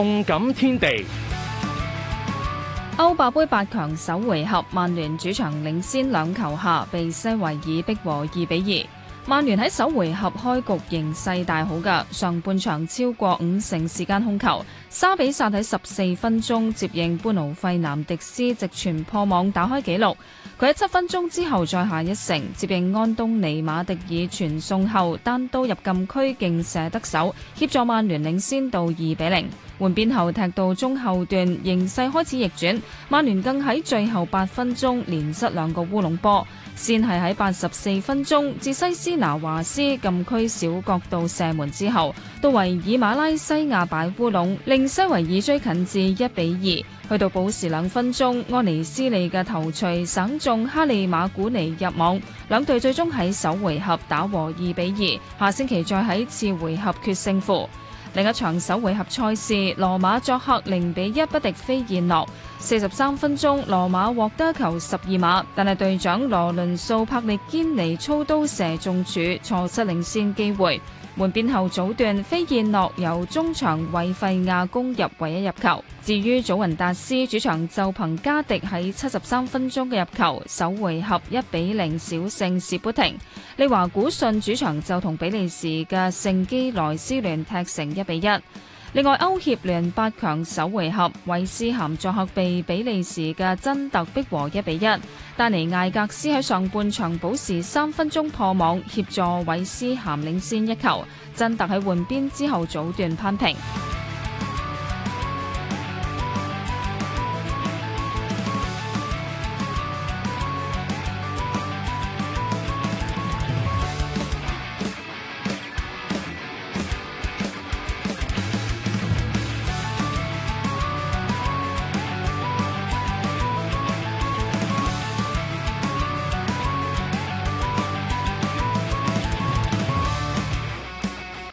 動感天地，歐霸杯八強首回合，曼聯主場領先兩球下，被西維爾迫和二比二。曼聯喺首回合開局形勢大好嘅，上半場超過五成時間控球。沙比薩喺十四分鐘接應般奴費南迪斯直傳破網打開紀錄，佢喺七分鐘之後再下一城，接應安東尼馬迪爾傳送後單刀入禁區勁射得手，協助曼聯領先到二比零。換邊後踢到中後段形勢開始逆轉，曼聯更喺最後八分鐘連失兩個烏龍波。先係喺八十四分鐘，自西斯拿華斯禁區小角度射門之後，到維爾馬拉西亞擺烏龍，令西維爾追近至一比二。去到補時兩分鐘，安尼斯利嘅頭槌省中哈利馬古尼入網，兩隊最終喺首回合打和二比二，下星期再喺次回合決勝負。另一場首回合賽事，羅馬作客零比一不敵飛燕諾。四十三分鐘，羅馬獲得球十二碼，但係隊長羅倫素柏力堅尼操刀射中柱，錯失領先機會。換邊後早段，飛燕諾由中場維費亞攻入唯一入球。至於祖雲達斯主場就憑加迪喺七十三分鐘嘅入球，首回合一比零小勝士砵亭。利華古遜主場就同比利時嘅聖基萊斯聯踢成一比一。另外，歐協聯八強首回合，韋斯咸作客被比利時嘅真特迫和一比一。丹尼艾格斯喺上半場補時三分鐘破網，協助韋斯咸領先一球。真特喺換邊之後早段扳平。